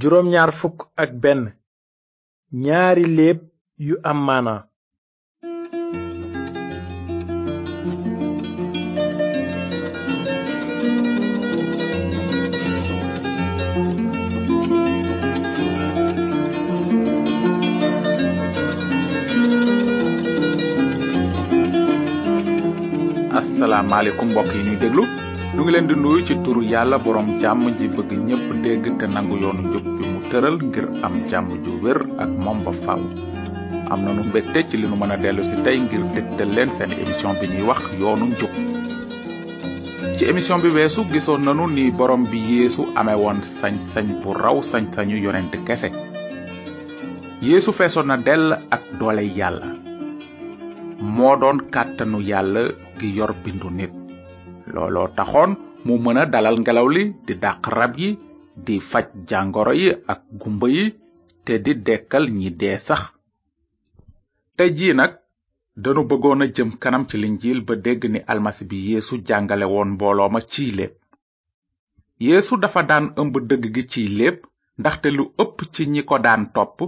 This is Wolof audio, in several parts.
juróom ñaar fukk ak benn ñaari léeb yu am maana asalaamaaleykum mbokk yi ñuy déglu ñu ngi leen di nuyu ci turu yàlla borom jàmm ji bëgg ñëpp dégg te nangu yoonu njub bi mu tëral ngir am jàmm ju wér ak moom ba faaw am nanu mbégte ci li nu mën a dellu si tey ngir dégtal leen seen émission bi ñuy wax yoonu njub ci émission bi weesu gisoon nanu ni borom bi yeesu amee woon sañ-sañ bu raw sañ-sañu yonent kese yeesu feesoon na dell ak doole yàlla moo doon kàttanu yàlla gi yor bindu nit looloo taxoon mu mën a dalal ngelaw li di dàq rab yi di faj jàngoro yi ak gumba yi te di dekkal ñi dee sax te jii nag danu bëggoon a jëm kanam ci linjiil ba dégg ni almasi bi yéesu jàngale woon mbooloo ma ciy lépp yeesu dafa daan ëmb dëgg gi ciy lépp ndaxte lu ëpp ci ñi ko daan topp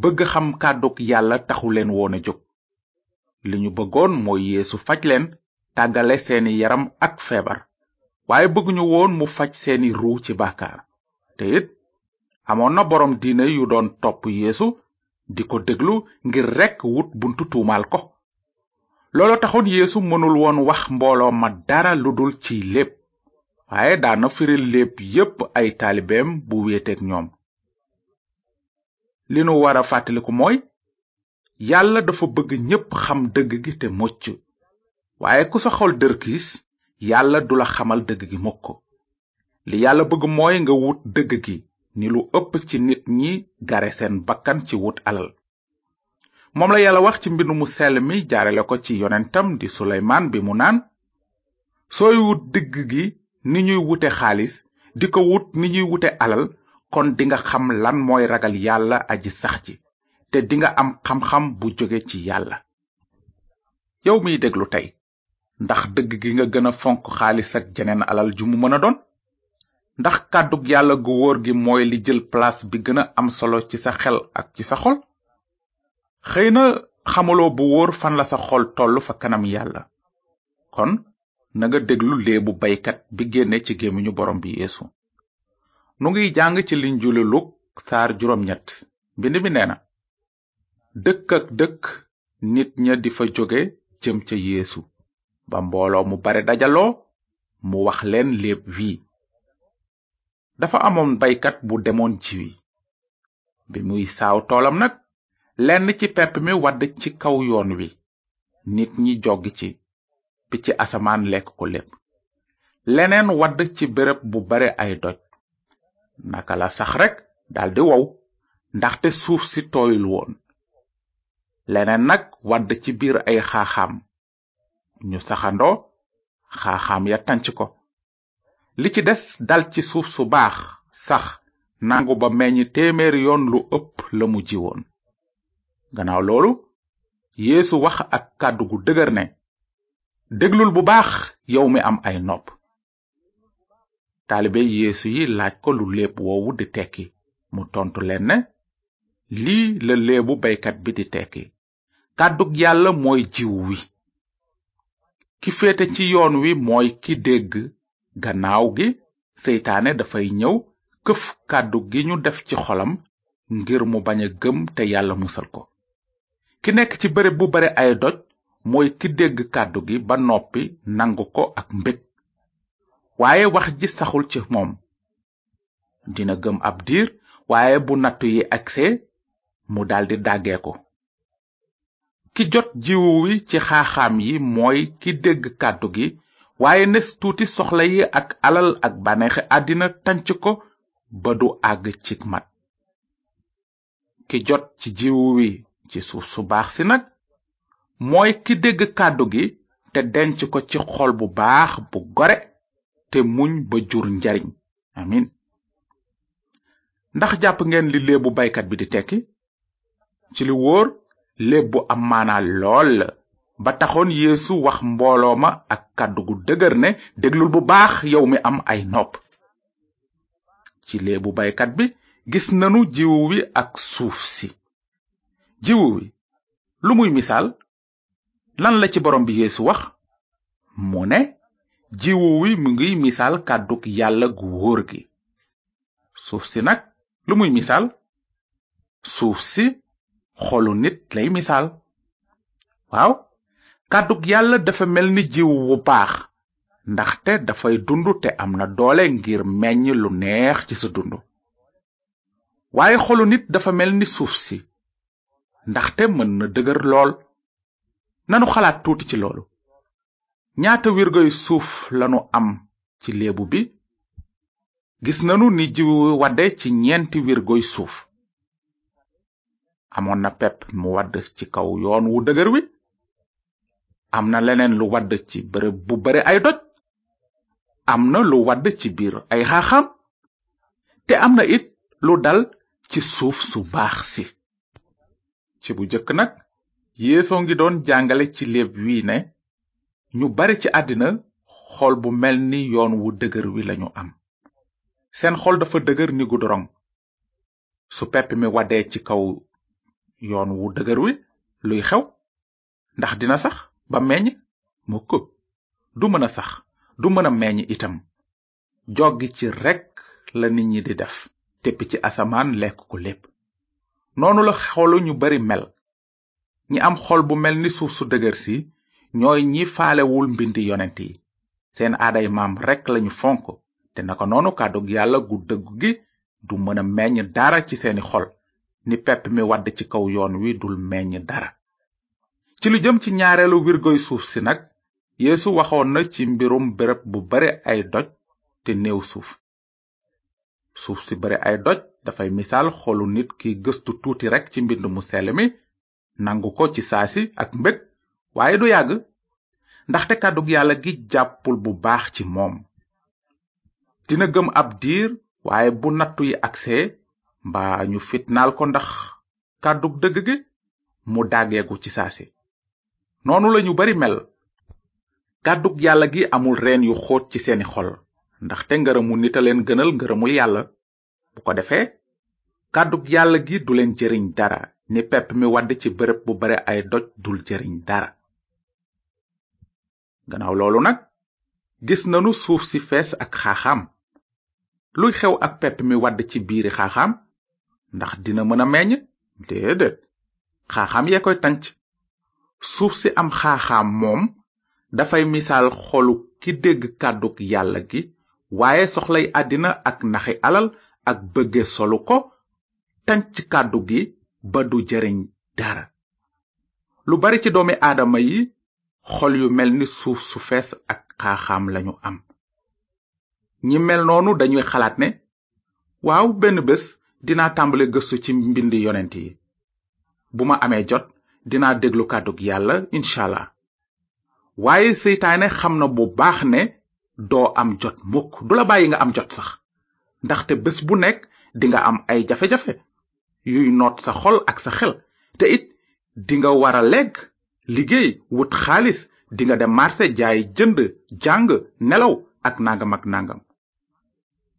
bëgg xam kàdduk yàlla taxu leen woon a jóg li ñu bëggoon mooy yéesu faj leen tàggale seeni yaram ak feebar waaye ñu woon mu faj seeni ruu ci bàkkaar te it amoon na borom diine yu doon topp yeesu di ko déglu ngir rekk wut buntu tuumaal ko loolo taxoon yeesu mënul woon wax mbooloo ma dara lu dul ci lépp waaye daana firil lépp yépp ay taalibeem bu wéeteeg ñoom li nu war a fàttaliku mooy yàlla dafa bëgg ñépp xam dëgg gi te moccu waaye ku sa xol dërkiis yàlla du la xamal dëgg gi mukk li yàlla bëgg mooy nga wut dëgg gi ni lu ëpp ci nit ñi gare seen bakkan ci wut alal moom la yàlla wax ci mbind mu sell mi jaarale ko ci yonentam di suleymaan bi mu naan sooy wut dëgg gi ni ñuy wute xaalis di ko wut ni ñuy wute alal kon dinga xam lan mooy ragal yàlla aji sax ji te dinga am xam-xam bu jóge ci yàlla yow miy déglu tey ndax dëgg gi nga gën a fonk xaalis ak jeneen alal ju mu mën a doon ndax kàddug yàlla gu wóor gi mooy li jël place bi gën a am solo ci sa xel ak ci sa xol xëy na xamuloo bu wóor fan la sa xol tollu fa kanam yàlla kon nanga déglu léebu baykat bi génne ci gémmiñu borom bi yeesu nu ngi jàng ci liñ linjulu Luk saar juróom ñett mbind mi nee na dëkk ak dëkk nit ña di fa jóge jëm ca yéesu ba mbooloo mu bare dajaloo mu wax leen léeb wi dafa amoon baykat bu demoon jiwi bi muy saaw toolam nag lenn ci pepp mi wadd ci kaw yoon wi nit ñi jogg ci picc asamaan lekk ko lépp leneen wadd ci béréb bu bare ay doj naka la sax rek daldi wow ndaxte suuf si tooyul woon leneen nag wadd ci biir ay xaaxaam ñu saxandoo xaaxaam ya tànc ko li ci des dal ci suuf su baax sax nangu ba meññ téeméeri yoon lu ëpp la mu jiwoon gannaaw loolu yeesu wax ak kàddu gu dëgër ne déglul bu baax yow mi am ay nopp taalibe yeesu yi laaj ko lu léeb woowu di tekki mu tontu leen ne lii la léebu baykat bi di tekki kàddug yàlla mooy jiw wi ki féete ci yoon wi mooy ki dégg gannaaw gi seytaane dafay ñëw këf kàddu gi ñu def ci xolam ngir mu bañ a gëm te yàlla musal ko ki nekk ci bërëb bu bare ay doj mooy ki dégg kàddu gi ba noppi nangu ko ak mbég waaye wax ji saxul ci moom dina gëm ab diir waaye bu nattu yi agsee mu daldi dàggee ko ki jot jiwu wi ci xaaxaam yi mooy ki dégg kàddu gi waaye nes tuuti soxla yi ak alal ak bànneexi àddina tànc ko ba du àgg ci mat ki jot ci jiwu wi ci suuf su baax si nag mooy ki dégg kàddu gi te denc ko ci xol bu baax bu gore te muñ ba jur njariñ amin ndax jàpp ngeen li léebu baykat bi di tekki ci li wóor léeb bu am maanaa lool la ba taxoon yeesu wax mbooloo ma ak kàddu gu dëgër ne déglul bu baax yow mi am ay nopp ci léebu baykat bi gis nanu jiwu wi ak suuf si jiwu wi lu muy misaal lan la ci borom bi yeesu wax mu ne jiwu wi mu ngi misaal kàddug yàlla gu wóor gi suuf si nag lu muy misaal suuf si xolu nit lay misaal waaw kàddug yàlla dafa mel ni jiw wu baax ndaxte dafay dund te am na doole ngir meññ lu neex ci sa dund waaye xolu nit dafa mel ni suuf si ndaxte mën na dëgër lool nanu xalaat tuuti ci loolu ñaata wirgoy suuf lanu am ci léebu bi gis nanu ni jiw wadde ci ñeenti wirgoy suuf amoon na pepp mu wadd ci kaw yoon wu dëgër wi am na leneen lu wadd ci bërëb bu bari ay doj am na lu wadd ci biir ay xaaxaam te am na it lu dal ci suuf su baax si ci bu jëkk nag yeesoo ngi doon jàngale ci léeb wi ne ñu bari ci àddina xol bu mel ni yoon wu dëgër wi lañu am seen xol dafa dëgër ni gudorong su pepp mi waddee ci kaw yoon wu dëgër wi luy xew ndax dina sax ba meññ mukk du mën a sax du mën a meññ itam joggi ci rekk la nit ñi di def teppi ci asamaan lekk ko lépp noonu la xolu ñu bari mel ñi am xool bu mel ni suuf su dëgër si ñooy ñi falewul mbindi yonent yi seen aaday maam rekk lañu fonk te naka noonu kàddug yàlla gu dëggu gi du mën a meññ dara ci seeni xol ni pepp mi wadd ci kaw yoon wi dul meññ dara ci lu jëm ci ñaareelu wirgoy suuf si nag yéesu waxoon na ci mbirum bërëb bu bare ay doj te néew suuf suuf si bare ay doj dafay misaal xolu nit ki gëstu tuuti rekk ci mbind mu sell mi nangu ko ci saa si ak mbég waaye du yàgg ndaxte kàddug yàlla gi jàppul bu baax ci moom dina gëm ab diir waaye bu nattu yi agsee mbaa ñu fitnaal ko ndax kàddug dëgg gi mu dàggeeku ci saasi noonu lañu bari mel kàddug yàlla gi amul reen yu xóot ci seeni xol ndaxte ngërëmu nit a leen gënal ngërëmul yàlla bu ko defee kàddug yàlla gi du leen jëriñ dara ni pepp mi wadd ci bërëb bu bare ay doj dul jëriñ dara gannaaw loolu nag gis nanu suuf si fees ak xaaxaam luy xew ak pepp mi wadd ci biiri xaaxaam ndax dina mën a meññ déedéet xaaxaam yee koy tànc suuf si am xaaxaam moom dafay misaal xolu ki dégg kàddug yàlla gi waaye soxlay àddina ak naxi alal ak bëgge solu ko tànc kàddu gi ba du jariñ dara lu bari ci doomi aadama yi xol yu mel ni suuf su fees ak xaaxaam lañu am ñi mel noonu dañuy xalaat ne waaw benn bés dina tàmbale gëstu ci mbind yonent yi bu ma amee jot dinaa déglu kàddug yàlla inshallah waaye seytaane xam na bu baax ne doo am jot mukk du la bàyyi nga am jot sax ndaxte bés bu nekk dinga am ay jafe-jafe yuy noot sa xol ak sa xel te it dinga war a legg liggéey wut xaalis dinga dem marché jaay jënd jàng nelaw ak nangam ak nangam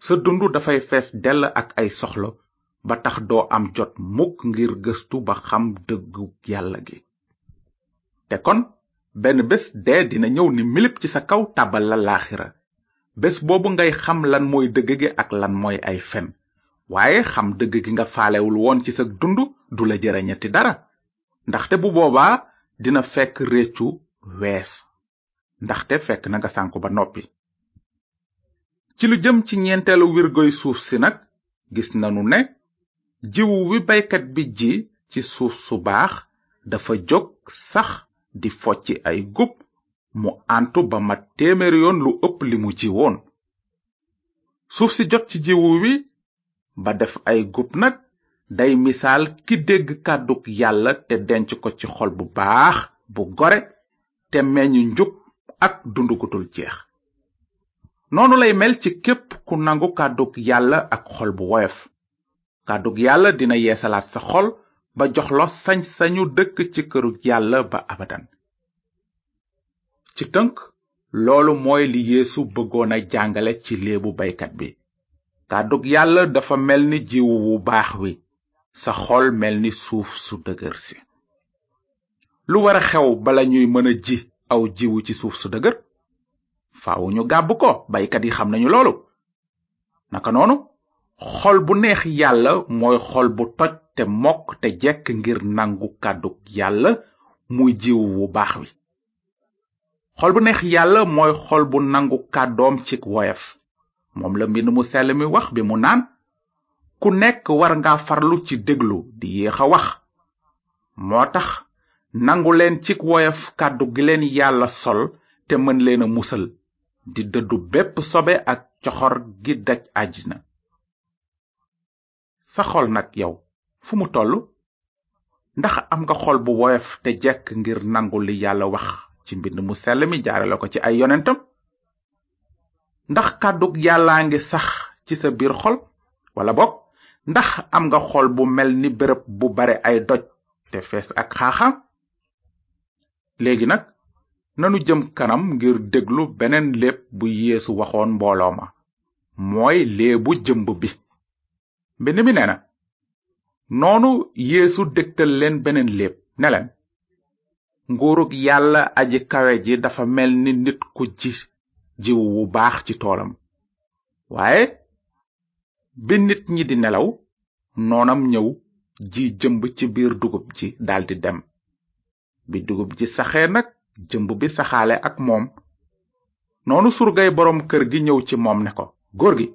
sa dund dafay fees dell ak ay soxla ba tax doo am jot mukk ngir gëstu ba xam dëggu yàlla gi te kon benn bés dee dina ñëw ni milip ci sa kaw tàbbal la laaxira bés boobu ngay xam lan mooy dëgg gi ak lan mooy ay fen waaye xam dëgg gi nga faalewul woon ci sa dund du la ñetti dara ndaxte bu boobaa dina fekk réccu wees ndaxte fekk na nga sànku ba noppi ci lu jëm ci ñeenteelu wirgoy suuf si nag gis nanu ne jiwu wi baykat bi ji ci suuf su baax dafa jóg sax di focci ay gub mu àntu ba mat téeméer lu ëpp li mu ji woon suuf si jot ci jiwu wi ba def ay gub nag day misaal ki dégg kàddug yàlla te denc ko ci xol bu baax bu gore te meññ njub ak dund jeex noonu lay mel ci képp ku nangu kàdduk yàlla ak xol bu woyof kàddug yàlla dina yeesalaat sa xol ba jox la sañ-sañu dëkk ci kërug yàlla ba abadan ci tënk loolu mooy li yeesu bëggoon a jàngale ci léebu baykat bi kàddug yàlla dafa mel ni jiwu wu baax wi sa xol mel ni suuf su dëgër si lu war a xew bala ñuy mën a ji aw jiwu ci suuf su dëgër faaw gàbb ko baykat yi xam nañu loolu naka noonu xol bu neex yàlla mooy xol bu toj te mokk te jekk ngir nangu kàddu yàlla muy jiw wu baax wi xol bu neex yàlla mooy xol bu nangu kàddoom cig woyef moom la mbind mu sell mi wax bi mu naan ku nekk war nga farlu ci déglu di yéex a wax moo tax nangu leen ci woyef kàddu gi leen yàlla sol te mën leen a musal di dëddu bépp sobe ak coxor gi daj àjjina sa xol nag yow fu mu toll ndax am nga xol bu woyof te jekk ngir nangu li yàlla wax ci mbind mu sell mi jaarale ko ci ay yonentam ndax kàddug yàllaa ngi sax ci sa biir xol wala boog ndax am nga xol bu mel ni bërëb bu bare ay doj te fees ak xaaxaam léegi nag nanu jëm kanam ngir déglu beneen léeb bu yeesu waxoon mbooloo ma mooy léebu jëmb bi mbind mi nee na noonu yéesu dégtal leen beneen léeb ne nguurug yàlla aji kawe ji dafa mel ni nit ku ji jiw wu baax ci toolam waaye bi nit ñi di nelaw noonam ñëw ji jëmb ci biir dugub ji daldi dem bi dugub ji saxee nag jëmb bi saxaale ak moom noonu surgay boroom kër gi ñëw ci moom ne ko góor gi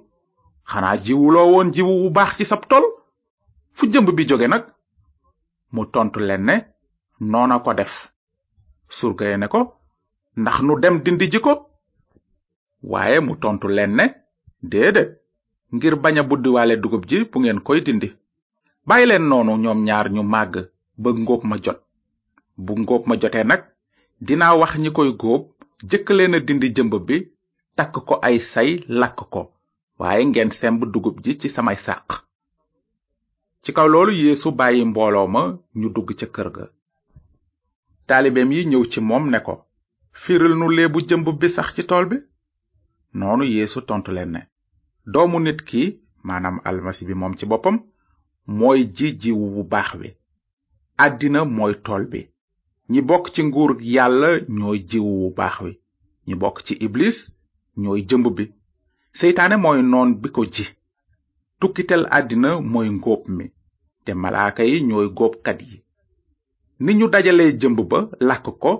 xanaa jiwuloo woon jiwu wu baax ci sab tol fu jëmb bi jóge nag mu tontu leen ne noona ko def surga ne ko ndax nu dem dindi ji ko waaye mu tontu leen ne déedéet ngir bañ a buddiwaale dugub ji bu ngeen koy dindi bàyyi leen noonu ñoom ñaar ñu màgg ba ngóob ma jot bu ngóob ma jotee nag dinaa wax ñi koy góob jëkk leen dindi jëmb bi takk ko ay say lakk ko waaye ngeen semb dugub ji ci samay sàq ci kaw loolu yeesu bàyyi mbooloo ma ñu dugg ca kër ga taalibeem yi ñëw ci moom ne ko firil nu leebu jëmb bi sax ci tool bi noonu yeesu tontu leen ne doomu nit ki maanaam almasi bi moom ci boppam mooy ji jiwu bu baax bi àddina mooy tool bi ñi bokk ci nguur yàlla ñooy jiwu bu baax wi ñi bokk ci iblis ñooy jëmb bi seytaane mooy noon bi ko ji tukkital àddina mooy ngóob mi te malaaka yi ñooy góobkat yi ni ñu dajalee jëmb ba làkk ko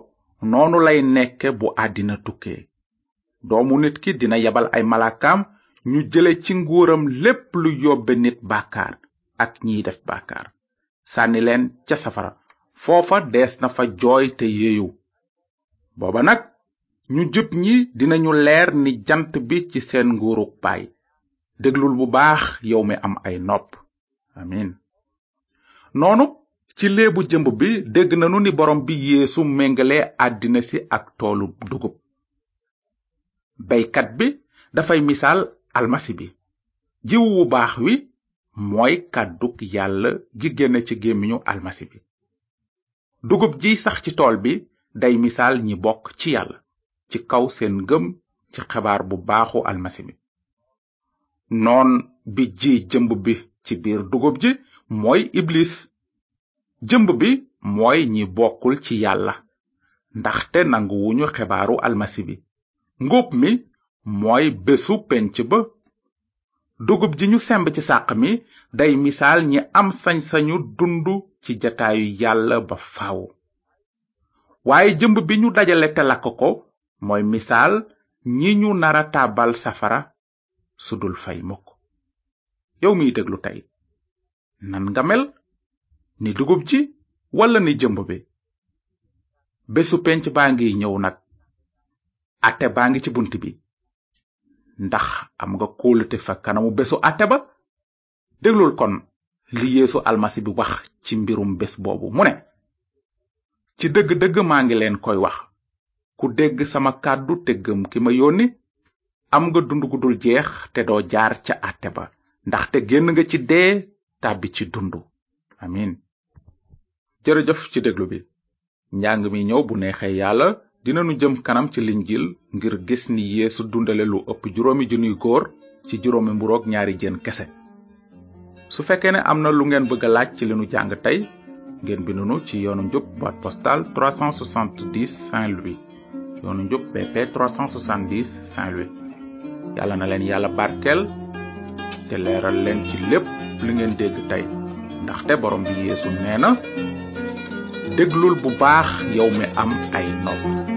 noonu lay nekke bu àddina tukkee doomu nit ki dina yabal ay malaakaam ñu jële ci nguuram lépp lu yóbbe nit bàkkaar ak ñiy def bàkkaar sànni leen ca safara foofa dees na fa jooy te yeeyu booba nag ñu jub ñi dinañu leer ni jant bi ci seen nguuruk baay déglul bu baax yow mi am ay nopp amin noonu ci léebu jëmb bi dégg nañu ni boroom bi yéesu méngale àddina si ak toolu dugub baykat bi dafay misaal almasi bi jiwu wu baax wi mooy kàdduk yàlla gi génn ci gémmiñu almasi bi dugub ji sax ci tool bi day misaal ñi bokk ci yàlla ci kaw seen ngëm ci xibaar bu baaxu almasi bi noon bi ji jëmb bi ci biir dugub ji mooy iblis jëmb bi mooy ñi bokkul ci yàlla ndaxte nanguwuñu xibaaru almasi bi ngóob mi mooy bésu penc ba dugub ji ñu semb ci sàq mi day misaal ñi am sañ-sañu dund ci jataayu yàlla ba faaw waaye jëmb bi ñu dajale te lakk ko mooy missaal ñi ñu nara taabal safara su dul fay mukk yow miy déglu tey nan nga mel ni dugub ci walla ni jëmb bi bésu penc baa ngi ñëw nag ate baa ngi ci bunt bi ndax am nga kóolute fa kanamu bésu ate ba déglul kon li yéesu almasi bi wax ci mbirum bés boobu mu ne ci dëgg-dëgg maa ngi leen koy wax ku dégg sama kàddu te gëm ki ma yónni am nga dund gu dul jeex te doo jaar ca àtte ba ndaxte génn nga ci dee tàbbi ci dund amin jërëjëf ci déglu bi njàng mi ñëw bu neexee yàlla jëm kanam ci linjil ngir gis ni yeesu dundale lu ëpp juróomi junniy góor ci juróomi mburoog ñaari jën kese su fekkee ne am na lu ngeen bëgg laaj ci li nu jàng tey ngeen ci yoonu njub boîte postale 370 Saint Louis yoonu njub BP 370 Saint-Louis yàlla na leen yàlla barkel te leeral leen ci lépp li ngeen dégg tey ndaxte borom bi Yeesu nee na déglul bu baax yow mi am ay nopp